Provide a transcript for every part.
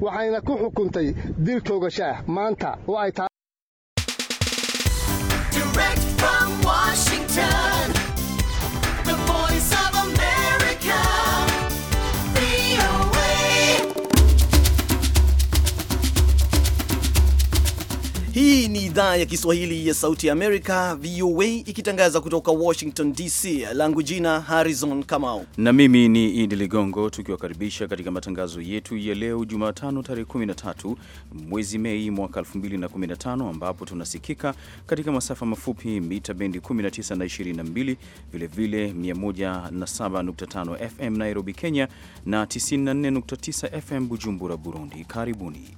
waxayna ku xukuntay dil toogashaah maanta oo ay Hii ni idhaa ya Kiswahili ya Sauti ya Amerika, VOA, ikitangaza kutoka Washington DC. Langu jina Harrison Kamau na mimi ni Idi Ligongo, tukiwakaribisha katika matangazo yetu ya leo Jumatano tarehe 13 mwezi Mei mwaka 2015, ambapo tunasikika katika masafa mafupi mita bendi 19 na 22, vilevile 107.5 FM Nairobi, Kenya na 94.9 FM Bujumbura, Burundi. Karibuni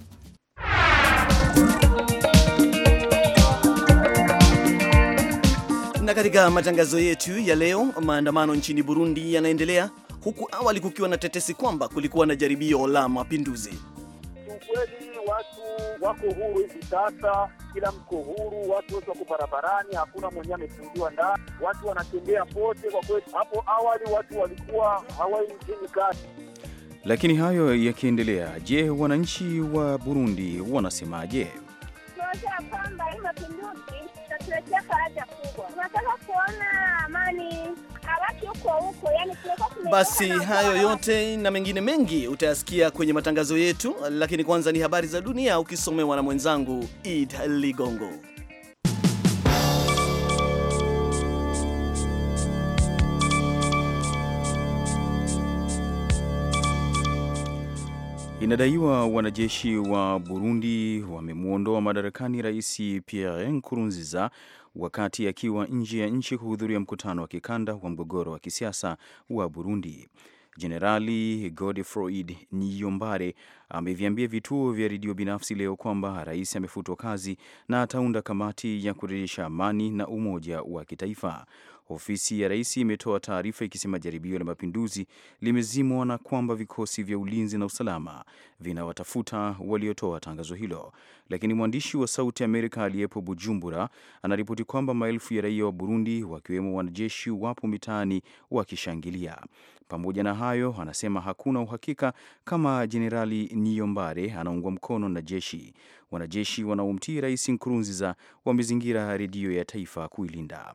Na katika matangazo yetu ya leo, maandamano nchini Burundi yanaendelea huku awali kukiwa na tetesi kwamba kulikuwa na jaribio la mapinduzi. Ukweli watu wako huru hivi sasa, kila mko huru, watu wote wako barabarani, hakuna mwenye amefungiwa ndani, watu wanatembea pote. Kwa kweli, hapo awali watu walikuwa hawaingii kati. Lakini hayo yakiendelea, je, wananchi wa Burundi wanasemaje? tunasema kwamba hii mapinduzi faraja kubwa. Tunataka kuona amani abaki huko huko, yani basi. Hayo yote na mengine mengi utayasikia kwenye matangazo yetu, lakini kwanza ni habari za dunia ukisomewa na mwenzangu Id Ligongo. Inadaiwa wanajeshi wa Burundi wamemwondoa madarakani Rais Pierre Nkurunziza wakati akiwa nje ya nchi kuhudhuria mkutano wa kikanda wa mgogoro wa kisiasa wa Burundi. Jenerali Godefroid Niyombare ameviambia vituo vya redio binafsi leo kwamba rais amefutwa kazi na ataunda kamati ya kurejesha amani na umoja wa kitaifa. Ofisi ya rais imetoa taarifa ikisema jaribio la mapinduzi limezimwa na kwamba vikosi vya ulinzi na usalama vinawatafuta waliotoa tangazo hilo. Lakini mwandishi wa Sauti Amerika aliyepo Bujumbura anaripoti kwamba maelfu ya raia wa Burundi, wakiwemo wanajeshi, wapo mitaani wakishangilia. Pamoja na hayo, anasema hakuna uhakika kama Jenerali Niyombare anaungwa mkono na jeshi. Wanajeshi wanaomtii Rais Nkurunziza wamezingira redio ya taifa kuilinda.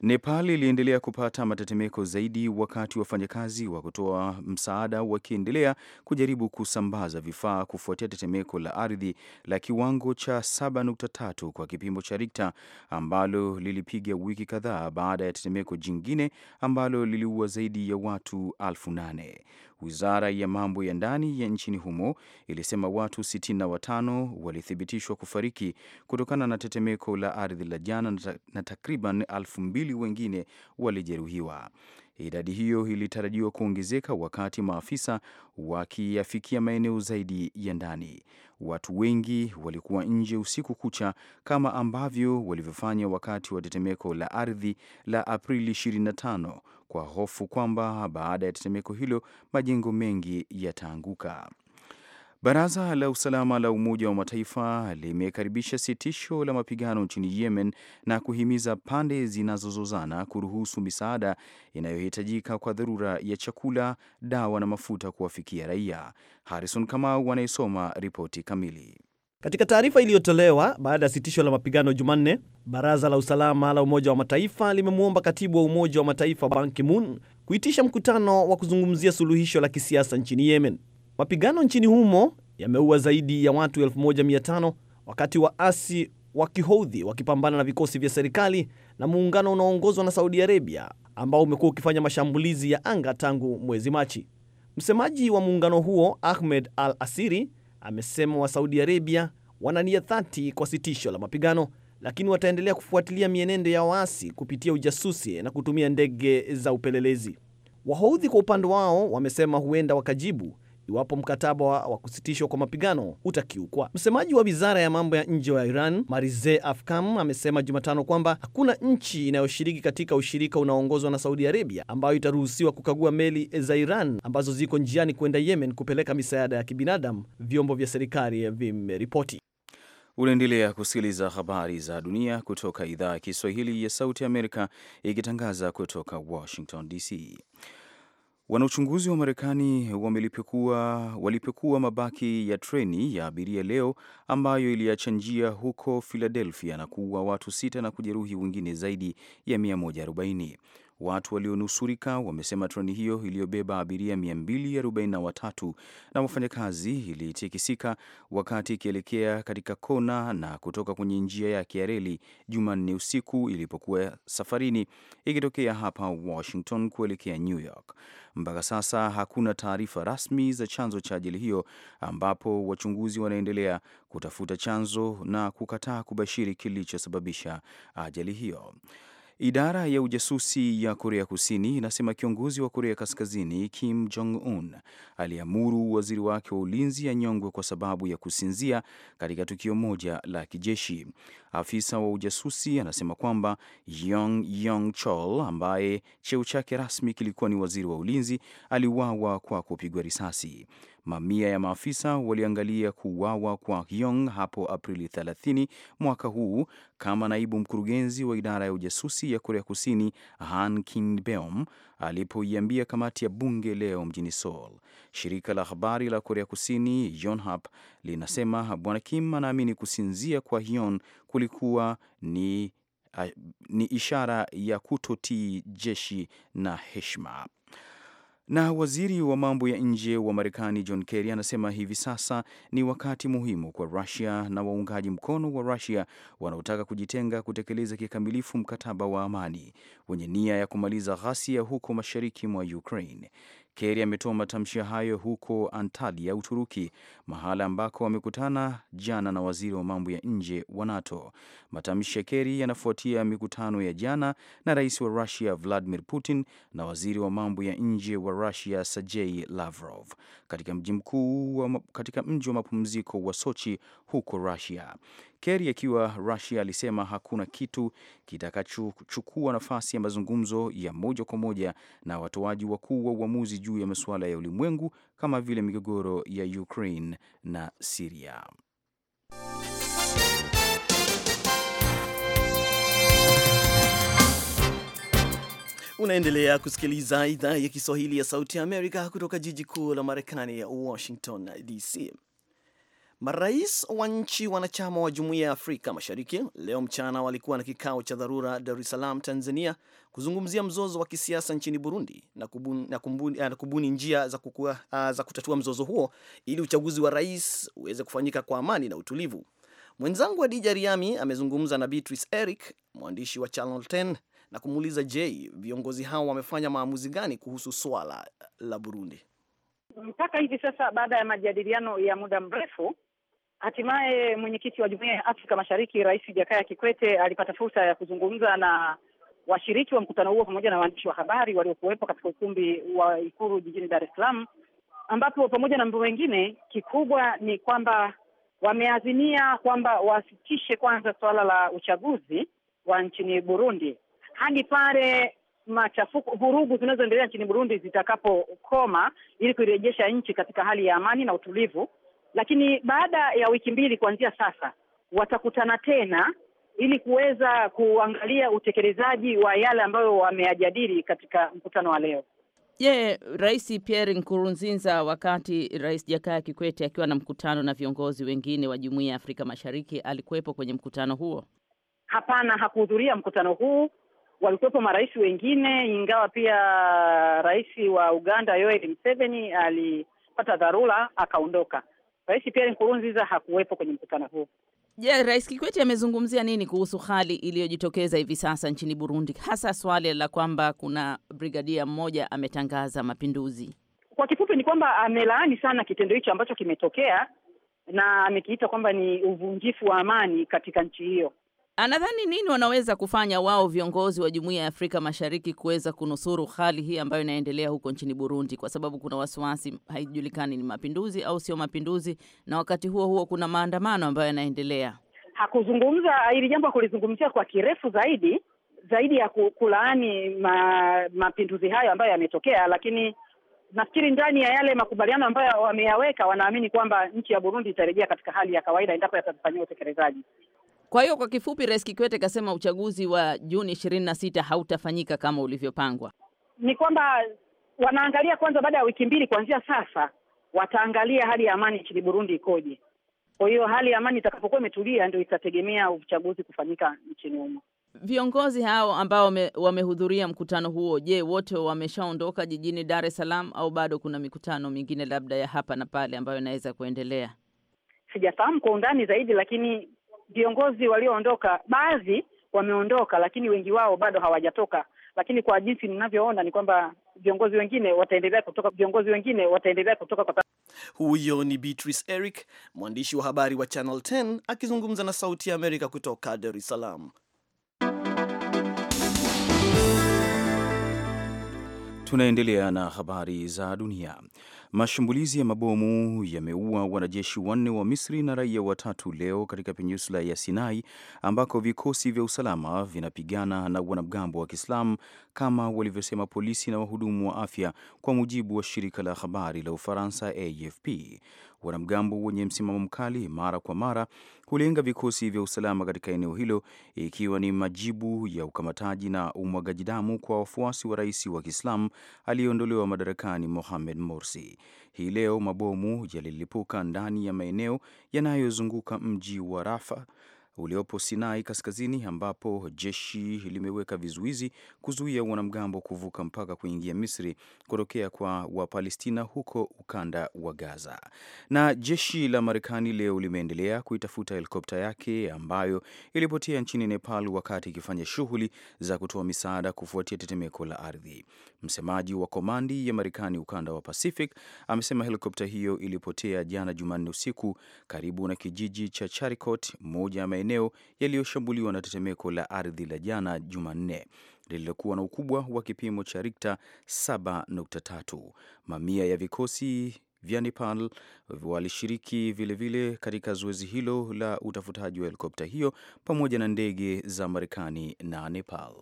Nepal iliendelea kupata matetemeko zaidi wakati wafanyakazi wa kutoa msaada wakiendelea kujaribu kusambaza vifaa kufuatia tetemeko la ardhi la kiwango cha 7.3 kwa kipimo cha Richter ambalo lilipiga wiki kadhaa baada ya tetemeko jingine ambalo liliua zaidi ya watu elfu nane. Wizara ya mambo ya ndani ya nchini humo ilisema watu 65 walithibitishwa kufariki kutokana na tetemeko la ardhi la jana na takriban elfu mbili wengine walijeruhiwa. Idadi hiyo ilitarajiwa kuongezeka wakati maafisa wakiyafikia maeneo zaidi ya ndani. Watu wengi walikuwa nje usiku kucha kama ambavyo walivyofanya wakati wa tetemeko la ardhi la Aprili 25 kwa hofu kwamba baada ya tetemeko hilo majengo mengi yataanguka. Baraza la Usalama la Umoja wa Mataifa limekaribisha sitisho la mapigano nchini Yemen na kuhimiza pande zinazozozana kuruhusu misaada inayohitajika kwa dharura ya chakula, dawa na mafuta kuwafikia raia. Harrison Kamau anayesoma ripoti kamili. Katika taarifa iliyotolewa baada ya sitisho la mapigano Jumanne, baraza la usalama la Umoja wa Mataifa limemwomba katibu wa Umoja wa Mataifa Ban Ki-moon kuitisha mkutano wa kuzungumzia suluhisho la kisiasa nchini Yemen. Mapigano nchini humo yameua zaidi ya watu 1500 wakati waasi wa Kihoudhi wakipambana na vikosi vya serikali na muungano unaoongozwa na Saudi Arabia ambao umekuwa ukifanya mashambulizi ya anga tangu mwezi Machi. Msemaji wa muungano huo Ahmed Al Asiri amesema wa Saudi Arabia wanania dhati kwa sitisho la mapigano, lakini wataendelea kufuatilia mienendo ya waasi kupitia ujasusi na kutumia ndege za upelelezi. Wahoudhi kwa upande wao wamesema huenda wakajibu iwapo mkataba wa kusitishwa kwa mapigano utakiukwa. Msemaji wa wizara ya mambo ya nje wa Iran, Marize Afkam, amesema Jumatano kwamba hakuna nchi inayoshiriki katika ushirika unaoongozwa na Saudi Arabia ambayo itaruhusiwa kukagua meli za Iran ambazo ziko njiani kwenda Yemen kupeleka misaada ya kibinadamu, vyombo vya serikali vimeripoti. Unaendelea kusikiliza habari za dunia kutoka idhaa ya Kiswahili ya Sauti ya Amerika, ikitangaza kutoka Washington DC. Wanauchunguzi wa Marekani walipekua mabaki ya treni ya abiria leo ambayo iliacha njia huko Philadelphia na kuua watu sita na kujeruhi wengine zaidi ya 140. Watu walionusurika wamesema treni hiyo iliyobeba abiria 243 na wafanyakazi ilitikisika wakati ikielekea katika kona na kutoka kwenye njia yake ya reli Jumanne usiku ilipokuwa safarini ikitokea hapa Washington kuelekea New York. Mpaka sasa hakuna taarifa rasmi za chanzo cha ajali hiyo, ambapo wachunguzi wanaendelea kutafuta chanzo na kukataa kubashiri kilichosababisha ajali hiyo. Idara ya ujasusi ya Korea Kusini inasema kiongozi wa Korea Kaskazini Kim Jong Un aliamuru waziri wake wa ulinzi anyongwe kwa sababu ya kusinzia katika tukio moja la kijeshi. Afisa wa ujasusi anasema kwamba Yong Yong Chol ambaye cheo chake rasmi kilikuwa ni waziri wa ulinzi aliuawa kwa kupigwa risasi. Mamia ya maafisa waliangalia kuuawa kwa Hyong hapo Aprili 30 mwaka huu, kama naibu mkurugenzi wa idara ya ujasusi ya Korea Kusini Han Kin-beom alipoiambia kamati ya bunge leo mjini Seoul. Shirika la habari la Korea Kusini Yonhap linasema Bwana Kim anaamini kusinzia kwa hyon kulikuwa ni, ni ishara ya kutotii jeshi na heshima. Na waziri wa mambo ya nje wa Marekani John Kerry anasema hivi sasa ni wakati muhimu kwa Rusia na waungaji mkono wa Rusia wanaotaka kujitenga kutekeleza kikamilifu mkataba wa amani wenye nia ya kumaliza ghasia huko mashariki mwa Ukraine. Kerry ametoa matamshi hayo huko Antalya, Uturuki, mahala ambako amekutana jana na waziri wa mambo ya nje wa NATO. Matamshi ya Kerry yanafuatia mikutano ya jana na rais wa Russia Vladimir Putin na waziri wa mambo ya nje wa Russia Sergei Lavrov katika mji mkuu, katika mji wa mapumziko wa Sochi huko Russia. Kerry akiwa Russia alisema hakuna kitu kitakachochukua nafasi ya mazungumzo ya moja kwa moja na watoaji wakuu wa uamuzi juu ya masuala ya ulimwengu kama vile migogoro ya Ukraine na Syria. Unaendelea kusikiliza idhaa ya Kiswahili ya Sauti ya Amerika kutoka jiji kuu la Marekani, ya Washington DC. Marais wa nchi wanachama wa Jumuiya ya Afrika Mashariki leo mchana walikuwa na kikao cha dharura Dar es Salaam, Tanzania, kuzungumzia mzozo wa kisiasa nchini Burundi na kubuni, na kumbuni, na kubuni njia za, kukua, za kutatua mzozo huo ili uchaguzi wa rais uweze kufanyika kwa amani na utulivu. Mwenzangu Adija Riami amezungumza na Beatrice Eric, mwandishi wa Channel 10 na kumuuliza je, viongozi hao wamefanya maamuzi gani kuhusu swala la Burundi mpaka hivi sasa. Baada ya majadiliano ya muda mrefu Hatimaye mwenyekiti wa Jumuiya ya Afrika Mashariki Rais Jakaya Kikwete alipata fursa ya kuzungumza na washiriki wa mkutano huo pamoja na waandishi wa habari waliokuwepo katika ukumbi wa Ikulu jijini Dar es Salaam, ambapo pamoja na mambo mengine, kikubwa ni kwamba wameazimia kwamba wasitishe kwanza suala la uchaguzi wa nchini Burundi hadi pale machafuko, vurugu zinazoendelea nchini Burundi zitakapokoma, ili kuirejesha nchi katika hali ya amani na utulivu lakini baada ya wiki mbili kuanzia sasa watakutana tena ili kuweza kuangalia utekelezaji wa yale ambayo wameyajadili katika mkutano wa leo. Je, yeah, Rais Pierre Nkurunziza wakati Rais Jakaya Kikwete akiwa na mkutano na viongozi wengine wa Jumuiya ya Afrika Mashariki alikuwepo kwenye mkutano huo? Hapana, hakuhudhuria mkutano huu. Walikuwepo marais wengine, ingawa pia rais wa Uganda Yoweri Museveni alipata dharura akaondoka. Rais Pierre Nkurunziza hakuwepo kwenye mkutano huu. Je, yeah, Rais Kikwete amezungumzia nini kuhusu hali iliyojitokeza hivi sasa nchini Burundi, hasa swali la kwamba kuna brigadia mmoja ametangaza mapinduzi? Kwa kifupi ni kwamba amelaani sana kitendo hicho ambacho kimetokea na amekiita kwamba ni uvunjifu wa amani katika nchi hiyo. Anadhani nini wanaweza kufanya wao viongozi wa Jumuiya ya Afrika Mashariki kuweza kunusuru hali hii ambayo inaendelea huko nchini Burundi, kwa sababu kuna wasiwasi, haijulikani ni mapinduzi au sio mapinduzi, na wakati huo huo kuna maandamano ambayo yanaendelea. Hakuzungumza hili jambo, hakulizungumzia kwa kirefu zaidi zaidi ya kulaani ma, mapinduzi hayo ambayo yametokea, lakini nafikiri ndani ya yale makubaliano ambayo wameyaweka, wanaamini kwamba nchi ya Burundi itarejea katika hali ya kawaida endapo yatafanyia utekelezaji. Kwa hiyo kwa kifupi, Rais Kikwete kasema uchaguzi wa Juni ishirini na sita hautafanyika kama ulivyopangwa. Ni kwamba wanaangalia kwanza, baada ya wiki mbili kuanzia sasa wataangalia hali ya amani nchini Burundi ikoje. Kwa hiyo hali ya amani itakapokuwa imetulia, ndio itategemea uchaguzi kufanyika nchini humo. Viongozi hao ambao wamehudhuria mkutano huo, je, wote wameshaondoka jijini Dar es Salaam au bado kuna mikutano mingine labda ya hapa na pale ambayo inaweza kuendelea? Sijafahamu kwa undani zaidi, lakini viongozi walioondoka, baadhi wameondoka, lakini wengi wao bado hawajatoka. Lakini kwa jinsi ninavyoona ni kwamba viongozi wengine wataendelea kutoka, viongozi wengine wataendelea kutoka kwa. Huyo ni Beatrice Eric, mwandishi wa habari wa Channel 10 akizungumza na Sauti ya Amerika kutoka Dar es Salaam. Tunaendelea na habari za dunia. Mashambulizi ya mabomu yameua wanajeshi wanne wa Misri na raia watatu leo katika peninsula ya Sinai ambako vikosi vya usalama vinapigana na wanamgambo wa Kiislamu kama walivyosema polisi na wahudumu wa afya, kwa mujibu wa shirika la habari la Ufaransa AFP. Wanamgambo wenye msimamo mkali mara kwa mara hulenga vikosi vya usalama katika eneo hilo, ikiwa ni majibu ya ukamataji na umwagaji damu kwa wafuasi wa rais wa Kiislamu aliyeondolewa madarakani Mohamed Morsi. Hii leo mabomu yalilipuka ndani ya maeneo yanayozunguka mji wa Rafa uliopo Sinai Kaskazini, ambapo jeshi limeweka vizuizi kuzuia wanamgambo kuvuka mpaka kuingia Misri kutokea kwa Wapalestina huko ukanda wa Gaza. Na jeshi la Marekani leo limeendelea kuitafuta helikopta yake ambayo ilipotea nchini Nepal wakati ikifanya shughuli za kutoa misaada kufuatia tetemeko la ardhi. Msemaji wa komandi ya Marekani ukanda wa Pacific amesema helikopta hiyo ilipotea jana Jumanne usiku karibu na kijiji cha Charikot, moja ya maeneo yaliyoshambuliwa na tetemeko la ardhi la jana Jumanne lililokuwa na ukubwa wa kipimo cha Rikta 7.3. Mamia ya vikosi vya Nepal walishiriki vilevile vile katika zoezi hilo la utafutaji wa helikopta hiyo pamoja na ndege za Marekani na Nepal.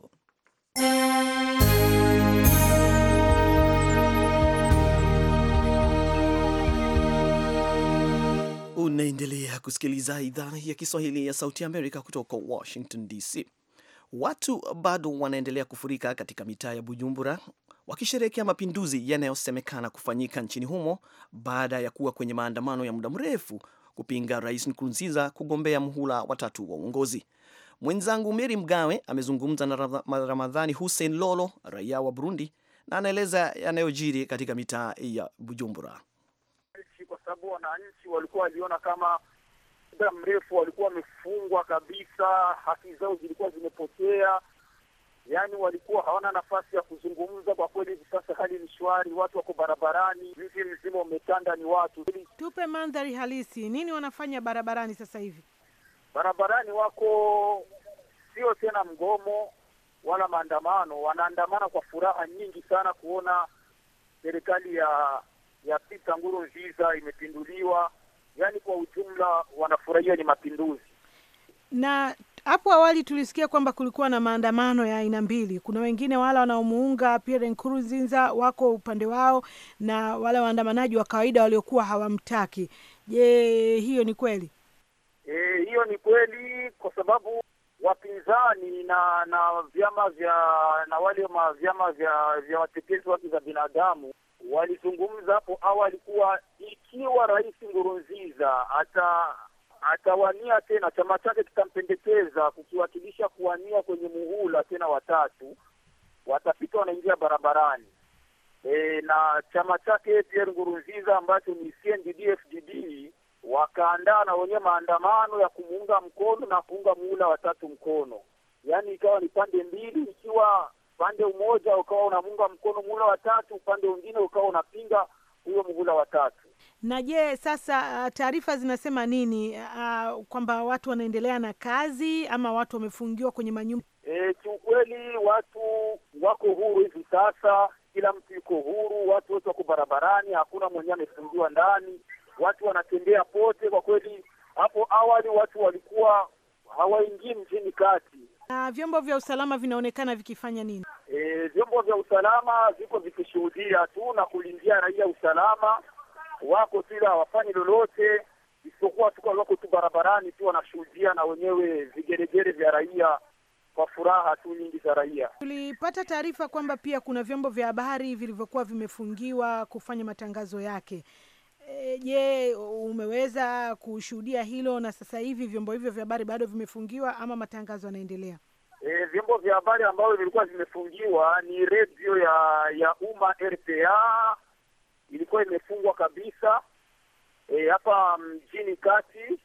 kusikiliza idhaa ya Kiswahili ya Sauti Amerika kutoka Washington DC. Watu bado wanaendelea kufurika katika mitaa ya Bujumbura wakisherehekea mapinduzi yanayosemekana kufanyika nchini humo baada ya kuwa kwenye maandamano ya muda mrefu kupinga Rais Nkurunziza kugombea mhula watatu wa uongozi. Mwenzangu Meri Mgawe amezungumza na Ramadhani Hussein Lolo, raia wa Burundi, na anaeleza yanayojiri katika mitaa ya Bujumbura. Kwa sababu wananchi walikuwa waliona kama muda mrefu walikuwa wamefungwa kabisa, haki zao zilikuwa zimepotea, yaani walikuwa hawana nafasi ya kuzungumza. Kwa kweli, hivi sasa hali ni shwari, watu wako barabarani, mji mzima umetanda ni watu. Tupe mandhari halisi, nini wanafanya barabarani sasa hivi? Barabarani wako sio tena mgomo wala maandamano, wanaandamana kwa furaha nyingi sana kuona serikali ya ya Pita Nguru Nziza imepinduliwa yani kwa ujumla wanafurahia ni mapinduzi. Na hapo awali tulisikia kwamba kulikuwa na maandamano ya aina mbili. Kuna wengine wale wanaomuunga Pierre Nkurunziza wako upande wao na wale waandamanaji wa kawaida waliokuwa hawamtaki. Je, hiyo ni kweli? E, hiyo ni kweli kwa sababu wapinzani na na vyama vya na wale ma vyama vya vya watetezi wake za binadamu walizungumza hapo awali kuwa ikiwa Rais ngurunziza ata atawania tena, chama chake kitampendekeza kukiwakilisha kuwania kwenye muhula tena watatu, watapita wanaingia barabarani. E, na chama chake Pierre ngurunziza ambacho ni CNDD-FDD wakaandaa na wenye maandamano ya kumuunga mkono na kuunga muhula watatu mkono, yaani ikawa ni pande mbili, ikiwa pande umoja ukawa unamuunga mkono muhula watatu, upande mwingine ukawa unapinga huyo muhula watatu. Na je, sasa uh, taarifa zinasema nini? Uh, kwamba watu wanaendelea na kazi ama watu wamefungiwa kwenye manyumba? E, kiukweli watu wako huru hivi sasa, kila mtu yuko huru, watu wote wako barabarani, hakuna mwenyewe amefungiwa ndani watu wanatembea pote. Kwa kweli, hapo awali watu walikuwa hawaingii mjini kati. Na vyombo vya usalama vinaonekana vikifanya nini? E, vyombo vya usalama ziko vikishuhudia tu na kulindia raia usalama wako tu, ila hawafanyi lolote isipokuwa tu wako tu barabarani tu wanashuhudia, na wenyewe vigeregere vya raia kwa furaha tu nyingi za raia. Tulipata taarifa kwamba pia kuna vyombo vya habari vilivyokuwa vimefungiwa kufanya matangazo yake. Eh, je, umeweza kushuhudia hilo? Na sasa hivi vyombo hivyo vya habari bado vimefungiwa ama matangazo yanaendelea? E, vyombo vya habari ambavyo vilikuwa vimefungiwa ni redio ya ya umma RPA ilikuwa imefungwa kabisa eh, hapa e, mjini kati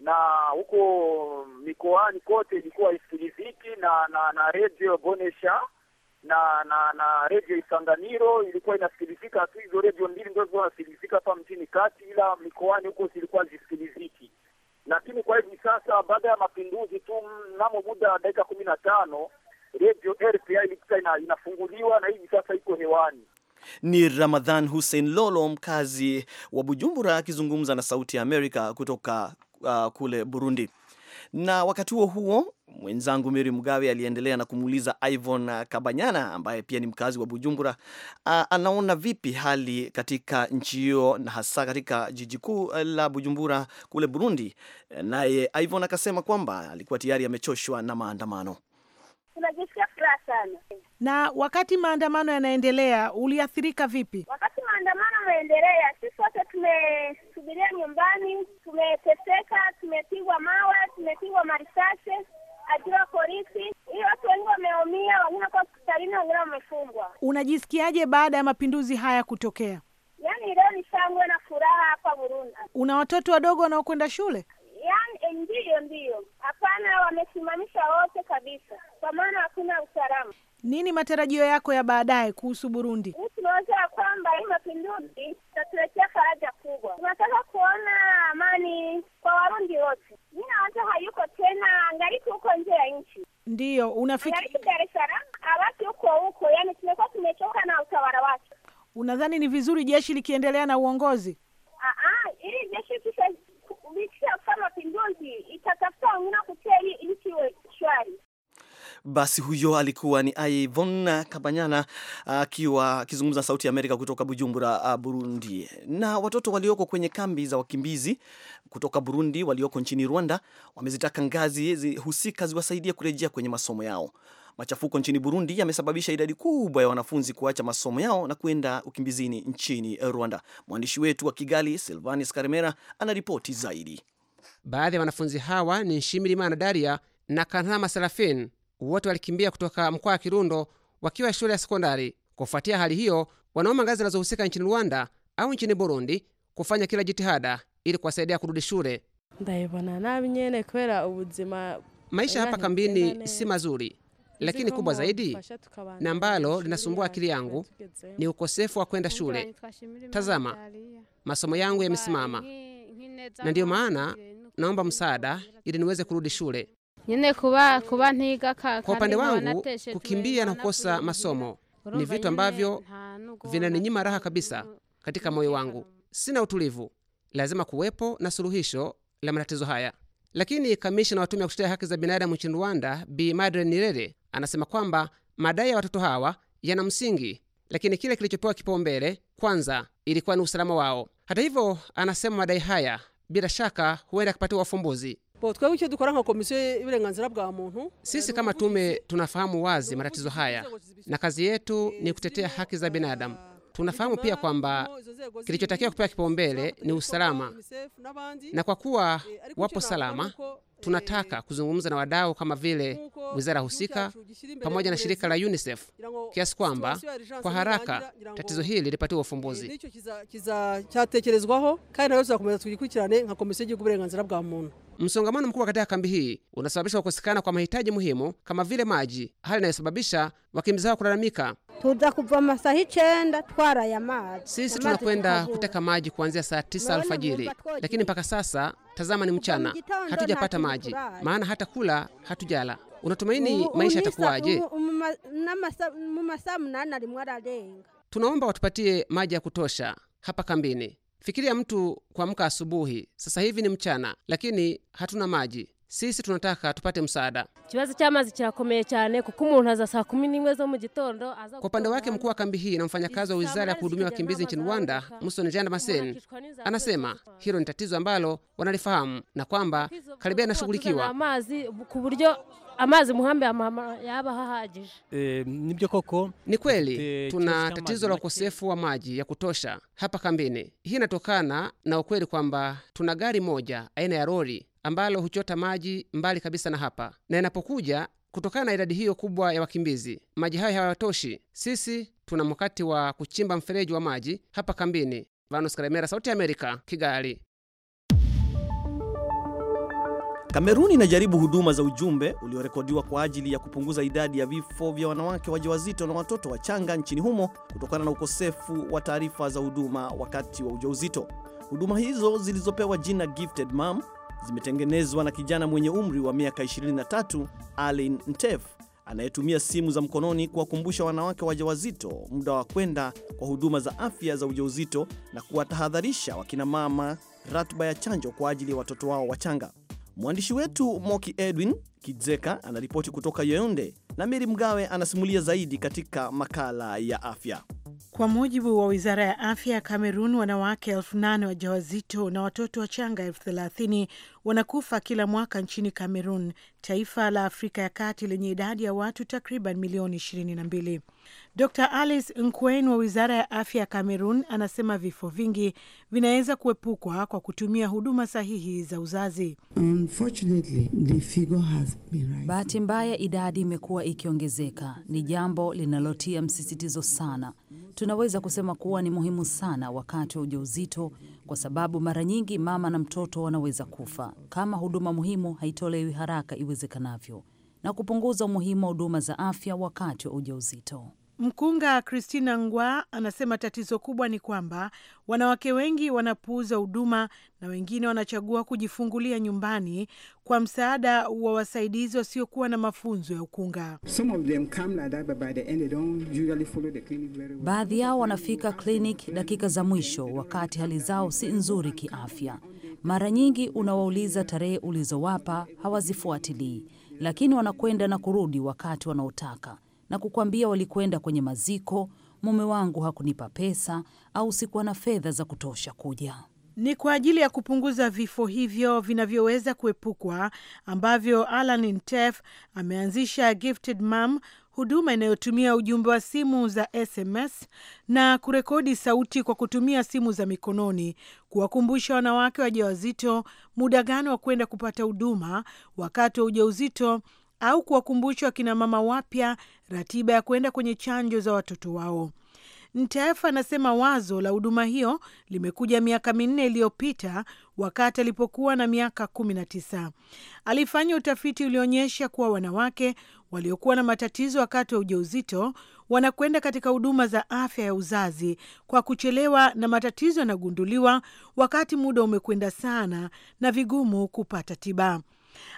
na huko mikoani kote ilikuwa isikiliziki na na, na redio Bonesha na na na redio Isanganiro ilikuwa inasikilizika tu. Hizo redio mbili ndio zilikuwa zinasikilizika hapa mjini kati, ila mikoani huko zilikuwa zisikiliziki. Lakini kwa hivi sasa, baada ya mapinduzi tu, mnamo muda wa dakika kumi na tano redio RPA ilikuwa ina, inafunguliwa na hivi sasa iko hewani. Ni Ramadhan Hussein Lolo, mkazi wa Bujumbura, akizungumza na Sauti ya Amerika kutoka uh, kule Burundi. Na wakati huo huo mwenzangu Miri Mgawe aliendelea na kumuuliza Ivon Kabanyana ambaye pia ni mkazi wa Bujumbura, anaona vipi hali katika nchi hiyo na hasa katika jiji kuu eh, la Bujumbura kule Burundi. Naye Ivon akasema kwamba alikuwa tayari amechoshwa na maandamano. Tunajisikia furaha sana. Na wakati maandamano yanaendelea, uliathirika vipi? Wakati maandamano yanaendelea, Sisi wote tumesubiria nyumbani, tumeteseka, tumepigwa mawe, tumepigwa marisasi, ajiwa polisi. Hiyo watu wengi wameumia, wengine kwa hospitalini, wengine wamefungwa. Unajisikiaje baada ya mapinduzi haya kutokea? Yaani leo ni shangwe na furaha hapa Burundi. Una watoto wadogo wanaokwenda shule? Yaani, e, eh, ndiyo, ndiyo. Hapana, wamesimamisha wote kabisa, kwa maana hakuna usalama. Nini matarajio yako ya baadaye kuhusu Burundi? Tunawazia kwamba hii mapinduzi itatuletea faraja kubwa. Tunataka kuona amani kwa Warundi wote. Mi nawaza hayuko tena ngariki huko nje ya nchi, ndiyo unafikiri Dar es Salaam huko huko, yani tumekuwa tumechoka na utawala wake. Unadhani ni vizuri jeshi likiendelea na uongozi? Basi huyo alikuwa ni Aivon Kabanyana akiwa akizungumza Sauti ya Amerika kutoka Bujumbura, uh, Burundi. Na watoto walioko kwenye kambi za wakimbizi kutoka Burundi walioko nchini Rwanda wamezitaka ngazi husika ziwasaidie kurejea kwenye masomo yao. Machafuko nchini Burundi yamesababisha idadi kubwa ya wanafunzi kuacha masomo yao na kuenda ukimbizini nchini Rwanda. Mwandishi wetu wa Kigali, Silvanis Karemera, ripoti zaidi. Baadhi ya wanafunzi hawa ni Shimirimana Daria na Kanama Serafin wote walikimbia kutoka mkoa wa Kirundo wakiwa shule ya sekondari. Kufuatia hali hiyo, wanaomba ngazi zinazohusika nchini Rwanda au nchini Burundi kufanya kila jitihada ili kuwasaidia kurudi shule. Maisha hapa kambini si mazuri, lakini kubwa zaidi na ambalo linasumbua akili yangu ni ukosefu wa kwenda shule. Tazama, masomo yangu yamesimama, na ndiyo maana naomba msaada ili niweze kurudi shule kuba, kuba ntiga ka, kwa upande wangu kukimbia na kukosa masomo ni vitu ambavyo vinaninyima raha kabisa katika moyo wangu. Sina utulivu. Lazima kuwepo na suluhisho la matatizo haya. Lakini kamishna wa tume ya kutetea haki za binadamu nchini Rwanda, Bi Madre Nirere, anasema kwamba madai ya watoto hawa yana msingi, lakini kile kilichopewa kipaumbele kwanza ilikuwa ni usalama wao. Hata hivyo, anasema madai haya bila shaka huenda yakapatiwa ufumbuzi komisiyo bwa muntu, sisi kama tume tunafahamu wazi matatizo haya na kazi yetu ni kutetea haki za binadamu. Tunafahamu pia kwamba kilichotakiwa kupewa kipaumbele ni usalama, na kwa kuwa wapo salama, tunataka kuzungumza na wadau kama vile wizara husika pamoja na shirika la UNICEF kiasi kwamba kwa haraka tatizo hili lipatiwe ufumbuzi. Msongamano mkubwa katika kambi hii unasababisha kukosekana kwa mahitaji muhimu kama vile maji, hali inayosababisha wakimbizi hao kulalamika tuza kuva masaha twara ya maji. Sisi tunakwenda kuteka maji kuanzia saa tisa alfajiri, lakini mpaka sasa tazama, ni mchana, hatujapata maji, maana hata kula hatujala. Unatumaini maisha yatakuwaje? Tunaomba watupatie maji ya kutosha hapa kambini. Fikiria mtu kuamka asubuhi, sasa hivi ni mchana, lakini hatuna maji sisi tunataka tupate msaada. Kwa upande wake, mkuu wa kambi hii na mfanyakazi wa wizara ya kuhudumia wakimbizi nchini Rwanda, Musoni Janda Masen, anasema hilo ni tatizo ambalo wanalifahamu na kwamba karibia inashughulikiwa. Eh, ni kweli eh, tuna tatizo la ukosefu wa maji ya kutosha hapa kambini. Hii inatokana na ukweli kwamba tuna gari moja aina ya rori ambalo huchota maji mbali kabisa na hapa, na inapokuja kutokana na idadi hiyo kubwa ya wakimbizi, maji hayo hayatoshi. Sisi tuna mwakati wa kuchimba mfereji wa maji hapa kambini. Vanus Karemera, Sauti ya Amerika, Kigali. Kameruni inajaribu huduma za ujumbe uliorekodiwa kwa ajili ya kupunguza idadi ya vifo vya wanawake wajawazito na watoto wachanga nchini humo kutokana na ukosefu wa taarifa za huduma wakati wa ujauzito. Huduma hizo zilizopewa jina Gifted Mom zimetengenezwa na kijana mwenye umri wa miaka 23 Alin Ntef anayetumia simu za mkononi kuwakumbusha wanawake wajawazito muda wa kwenda kwa huduma za afya za ujauzito na kuwatahadharisha wakinamama ratiba ya chanjo kwa ajili ya watoto wao wachanga. Mwandishi wetu Moki Edwin Kidzeka anaripoti kutoka yeunde na Meri Mgawe anasimulia zaidi katika makala ya afya. Kwa mujibu wa wizara ya afya ya Kamerun, wanawake elfu nane wajawazito na watoto wachanga elfu thelathini wanakufa kila mwaka nchini Cameroon, taifa la Afrika ya kati lenye idadi ya watu takriban milioni 22. Dr Alice Nkwen wa wizara ya afya ya Cameroon anasema vifo vingi vinaweza kuepukwa kwa kutumia huduma sahihi za uzazi. Bahati mbaya, idadi imekuwa ikiongezeka, ni jambo linalotia msisitizo sana. Tunaweza kusema kuwa ni muhimu sana wakati wa ujauzito, kwa sababu mara nyingi mama na mtoto wanaweza kufa kama huduma muhimu haitolewi haraka iwezekanavyo na kupunguza umuhimu wa huduma za afya wakati wa ujauzito. Mkunga Christina Ngwa anasema tatizo kubwa ni kwamba wanawake wengi wanapuuza huduma na wengine wanachagua kujifungulia nyumbani kwa msaada wa wasaidizi wasiokuwa na mafunzo ya ukunga. Baadhi yao wanafika klinik dakika za mwisho, wakati hali zao si nzuri kiafya. Mara nyingi unawauliza tarehe ulizowapa, hawazifuatilii, lakini wanakwenda na kurudi wakati wanaotaka na kukwambia walikwenda kwenye maziko, mume wangu hakunipa pesa au sikuwa na fedha za kutosha kuja. Ni kwa ajili ya kupunguza vifo hivyo vinavyoweza kuepukwa ambavyo Alan Ntef ameanzisha Gifted Mom, huduma inayotumia ujumbe wa simu za SMS na kurekodi sauti kwa kutumia simu za mikononi kuwakumbusha wanawake wajawazito muda gani wa kwenda kupata huduma wakati wa ujauzito au kuwakumbusha wakina mama wapya ratiba ya kuenda kwenye chanjo za watoto wao. Ntaifa anasema wazo la huduma hiyo limekuja miaka minne iliyopita wakati alipokuwa na miaka kumi na tisa. Alifanya utafiti ulioonyesha kuwa wanawake waliokuwa na matatizo wakati wa ujauzito wanakwenda katika huduma za afya ya uzazi kwa kuchelewa, na matatizo yanagunduliwa wakati muda umekwenda sana na vigumu kupata tiba.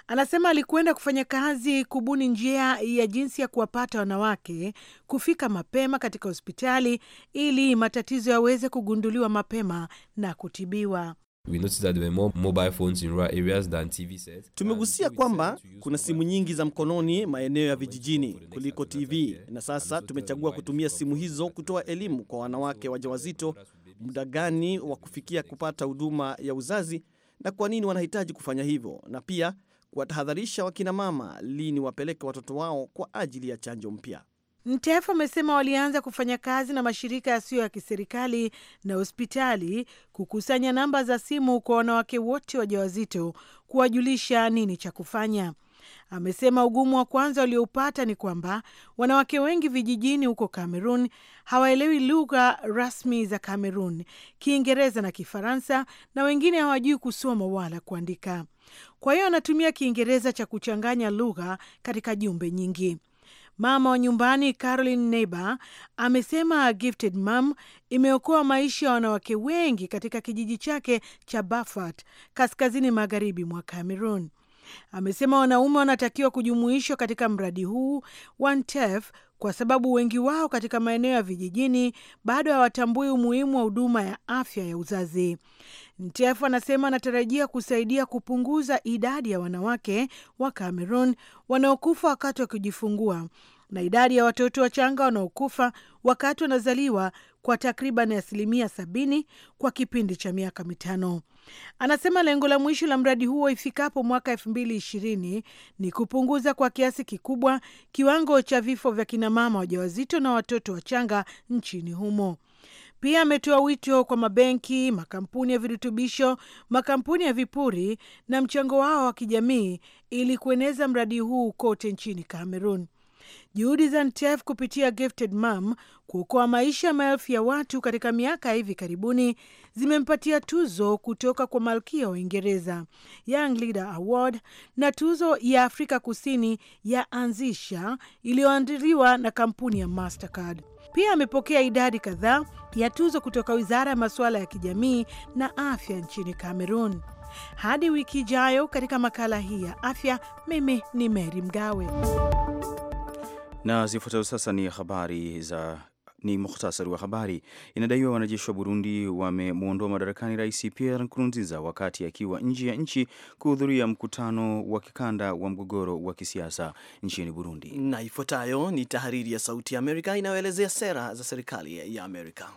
Anasema alikwenda kufanya kazi kubuni njia ya jinsi ya kuwapata wanawake kufika mapema katika hospitali ili matatizo yaweze kugunduliwa mapema na kutibiwa. Tumegusia kwamba kuna simu nyingi za mkononi maeneo ya vijijini kuliko TV, na sasa tumechagua kutumia simu hizo kutoa elimu kwa wanawake wajawazito, muda gani wa kufikia kupata huduma ya uzazi na kwa nini wanahitaji kufanya hivyo, na pia kuwatahadharisha wakinamama lini wapeleke watoto wao kwa ajili ya chanjo mpya. Mtefu amesema walianza kufanya kazi na mashirika yasiyo ya kiserikali na hospitali kukusanya namba za simu kwa wanawake wote wajawazito kuwajulisha nini cha kufanya. Amesema ugumu wa kwanza walioupata ni kwamba wanawake wengi vijijini huko Kamerun hawaelewi lugha rasmi za Kamerun, Kiingereza na Kifaransa, na wengine hawajui kusoma wala kuandika. Kwa hiyo anatumia Kiingereza cha kuchanganya lugha katika jumbe nyingi. Mama wa nyumbani Caroline Neighbor amesema Gifted Mom imeokoa maisha ya wanawake wengi katika kijiji chake cha Bafat kaskazini magharibi mwa Cameroon. Amesema wanaume wanatakiwa kujumuishwa katika mradi huu wa NTEF kwa sababu wengi wao katika maeneo ya vijijini bado hawatambui umuhimu wa huduma ya afya ya uzazi. NTEF anasema anatarajia kusaidia kupunguza idadi ya wanawake wa Cameroon wanaokufa wakati wa kujifungua na idadi ya watoto wachanga wanaokufa wakati wanazaliwa kwa takriban asilimia sabini kwa kipindi cha miaka mitano. Anasema lengo la mwisho la mradi huo ifikapo mwaka ishirini ni kupunguza kwa kiasi kikubwa kiwango cha vifo vya kinamama wajawazito na watoto wachanga nchini humo. Pia ametoa wito kwa mabenki, makampuni ya virutubisho, makampuni ya vipuri na mchango wao wa kijamii ili kueneza mradi huu kote nchini Kamerun. Juhudi za NTF kupitia Gifted Mom kuokoa maisha maelfu ya watu katika miaka ya hivi karibuni zimempatia tuzo kutoka kwa Malkia wa Uingereza, Young Leader Award na tuzo ya Afrika Kusini ya Anzisha iliyoandiliwa na kampuni ya Mastercard. Pia amepokea idadi kadhaa ya tuzo kutoka Wizara ya Masuala ya Kijamii na Afya nchini Cameroon. Hadi wiki ijayo katika makala hii ya afya, mimi ni Mary Mgawe. Na zifuatazo sasa ni habari za ni muhtasari wa habari. Inadaiwa wanajeshi wa Burundi wamemwondoa madarakani Rais Pierre Nkurunziza wakati akiwa nje ya nchi kuhudhuria mkutano wa kikanda wa mgogoro wa kisiasa nchini Burundi. Na ifuatayo ni tahariri ya Sauti ya Amerika inayoelezea sera za serikali ya Amerika.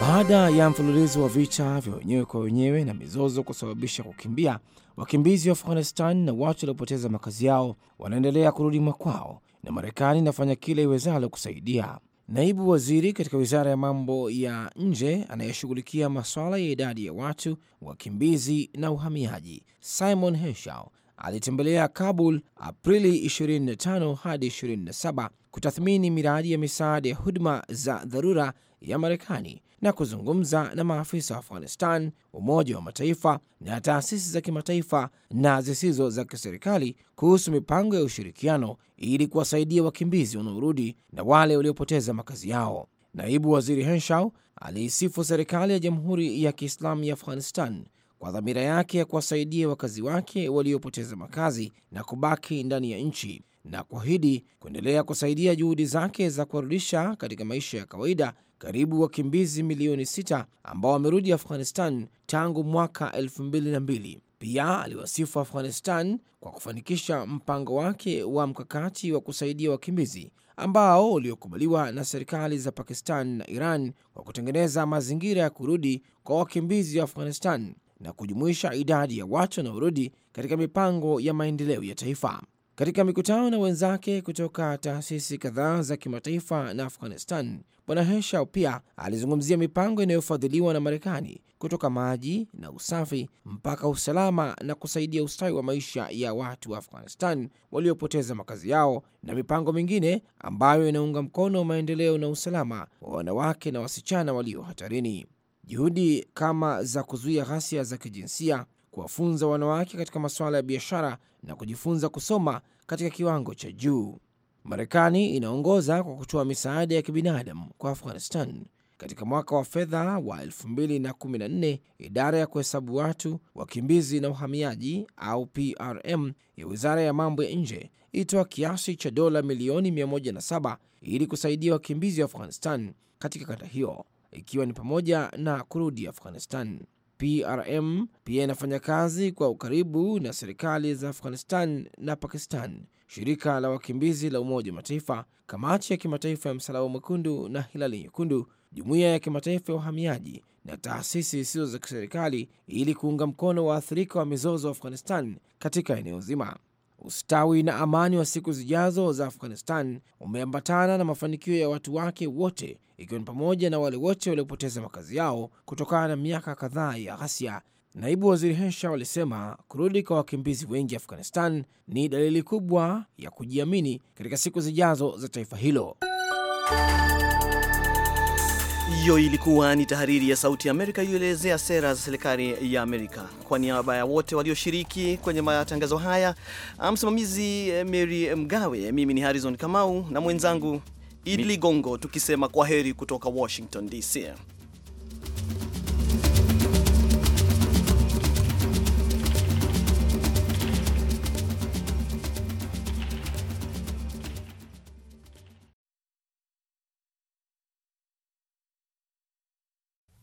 Baada ya mfululizo wa vita vya wenyewe kwa wenyewe na mizozo kusababisha kukimbia Wakimbizi wa Afghanistan na watu waliopoteza makazi yao wanaendelea kurudi mwakwao na Marekani inafanya kile iwezalo kusaidia. Naibu waziri katika wizara ya mambo ya nje anayeshughulikia masuala ya idadi ya watu, wakimbizi na uhamiaji, Simon Henshaw alitembelea Kabul Aprili 25 hadi 27 kutathmini miradi ya misaada ya huduma za dharura ya Marekani na kuzungumza na maafisa wa Afghanistan, Umoja wa Mataifa na taasisi za kimataifa na zisizo za kiserikali kuhusu mipango ya ushirikiano ili kuwasaidia wakimbizi wanaorudi na wale waliopoteza makazi yao. Naibu Waziri Henshaw aliisifu serikali ya Jamhuri ya Kiislamu ya Afghanistan kwa dhamira yake ya kuwasaidia wakazi wake waliopoteza makazi na kubaki ndani ya nchi na kuahidi kuendelea kusaidia juhudi zake za kuwarudisha katika maisha ya kawaida karibu wakimbizi milioni sita ambao wamerudi Afghanistan tangu mwaka elfu mbili na mbili. Pia aliwasifu Afghanistan kwa kufanikisha mpango wake wa mkakati wa kusaidia wakimbizi ambao uliokubaliwa na serikali za Pakistan na Iran kwa kutengeneza mazingira ya kurudi kwa wakimbizi wa Afghanistan na kujumuisha idadi ya watu wanaorudi katika mipango ya maendeleo ya taifa. Katika mikutano na wenzake kutoka taasisi kadhaa za kimataifa na Afghanistan, Bwana Heshau pia alizungumzia mipango inayofadhiliwa na Marekani kutoka maji na usafi mpaka usalama na kusaidia ustawi wa maisha ya watu wa Afghanistan waliopoteza makazi yao na mipango mingine ambayo inaunga mkono maendeleo na usalama wa wanawake na wasichana walio hatarini. Juhudi kama za kuzuia ghasia za kijinsia kuwafunza wanawake katika masuala ya biashara na kujifunza kusoma katika kiwango cha juu. Marekani inaongoza kwa kutoa misaada ya kibinadamu kwa Afghanistan. Katika mwaka wa fedha wa 2014 idara ya kuhesabu watu, wakimbizi na uhamiaji au PRM ya wizara ya mambo ya nje ilitoa kiasi cha dola milioni 107 ili kusaidia wakimbizi wa Afghanistan katika kanda hiyo, ikiwa ni pamoja na kurudi Afghanistan. PRM pia inafanya kazi kwa ukaribu na serikali za Afghanistan na Pakistan, shirika la wakimbizi la Umoja wa Mataifa, kamati ya kimataifa ya Msalaba Mwekundu na Hilali Nyekundu, jumuiya ya kimataifa ya uhamiaji na taasisi zisizo za kiserikali, ili kuunga mkono waathirika wa mizozo wa Afghanistan katika eneo zima. Ustawi na amani wa siku zijazo za Afghanistan umeambatana na mafanikio ya watu wake wote, ikiwa ni pamoja na wale wote waliopoteza makazi yao kutokana na miaka kadhaa ya ghasia. Naibu waziri Hesha walisema kurudi kwa wakimbizi wengi Afghanistan ni dalili kubwa ya kujiamini katika siku zijazo za taifa hilo. Hiyo ilikuwa ni tahariri ya Sauti ya Amerika iliyoelezea sera za serikali ya Amerika. Kwa niaba ya wote walioshiriki kwenye matangazo haya, msimamizi eh, Mary Mgawe, mimi ni Harrison Kamau na mwenzangu Idli Gongo, tukisema kwa heri kutoka Washington DC.